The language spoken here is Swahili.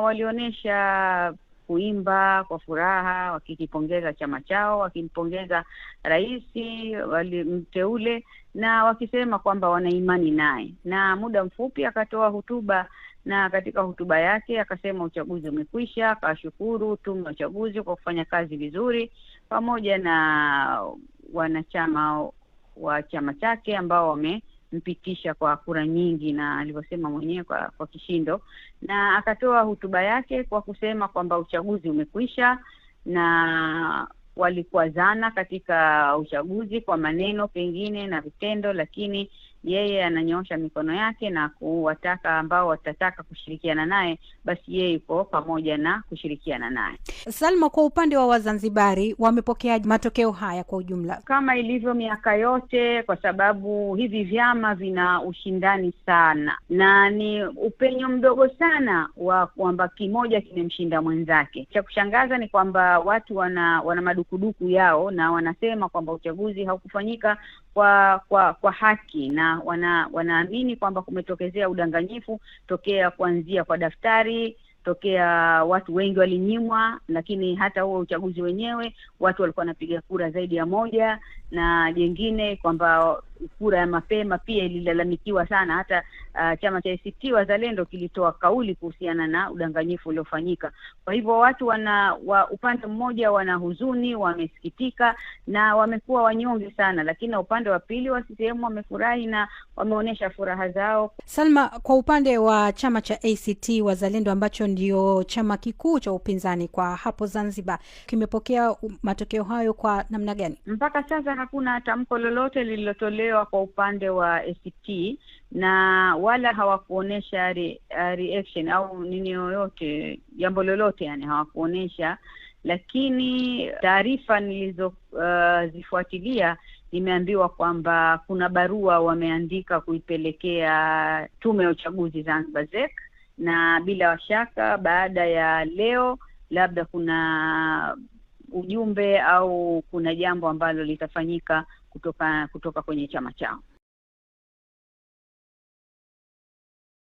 walionyesha kuimba kwa furaha wakikipongeza chama chao, wakimpongeza rais walimteule na wakisema kwamba wanaimani naye. Na muda mfupi akatoa hutuba na katika hotuba yake akasema uchaguzi umekwisha, akashukuru tume ya uchaguzi kwa kufanya kazi vizuri, pamoja na wanachama wa chama chake ambao wame mpitisha kwa kura nyingi, na alivyosema mwenyewe kwa, kwa kishindo, na akatoa hotuba yake kwa kusema kwamba uchaguzi umekwisha na zana katika uchaguzi kwa maneno pengine na vitendo, lakini yeye ananyoosha mikono yake na kuwataka ambao watataka kushirikiana naye, basi yeye yuko pamoja na kushirikiana naye. Salma, kwa upande wa Wazanzibari wamepokea matokeo haya kwa ujumla kama ilivyo miaka yote, kwa sababu hivi vyama vina ushindani sana na ni upenyo mdogo sana wa kwamba kimoja kimemshinda mwenzake. Cha kushangaza ni kwamba watu wana wana madukuduku yao na wanasema kwamba uchaguzi haukufanyika kwa kwa kwa haki na wana, wanaamini kwamba kumetokezea udanganyifu tokea kuanzia kwa daftari tokea watu wengi walinyimwa, lakini hata huo uchaguzi wenyewe watu walikuwa wanapiga kura zaidi ya moja, na jengine kwamba kura ya mapema pia ililalamikiwa sana. Hata uh, chama cha ACT Wazalendo kilitoa kauli kuhusiana na udanganyifu uliofanyika. Kwa hivyo watu wana wa upande mmoja wana huzuni, wamesikitika na wamekuwa wanyonge sana, lakini na upande wa pili wa CCM wamefurahi na wameonyesha furaha zao. Salma, kwa upande wa chama cha ACT Wazalendo ambacho ndio chama kikuu cha upinzani kwa hapo Zanzibar, kimepokea matokeo hayo kwa namna gani? Mpaka sasa hakuna tamko lolote lililotolewa kutolewa kwa upande wa ACT na wala hawakuonyesha re, uh, reaction au nini yoyote, jambo lolote yani hawakuonyesha, lakini taarifa nilizozifuatilia uh, nimeambiwa kwamba kuna barua wameandika kuipelekea tume ya uchaguzi Zanzibar zek na bila shaka baada ya leo labda kuna ujumbe au kuna jambo ambalo litafanyika kutoka kutoka kwenye chama chao.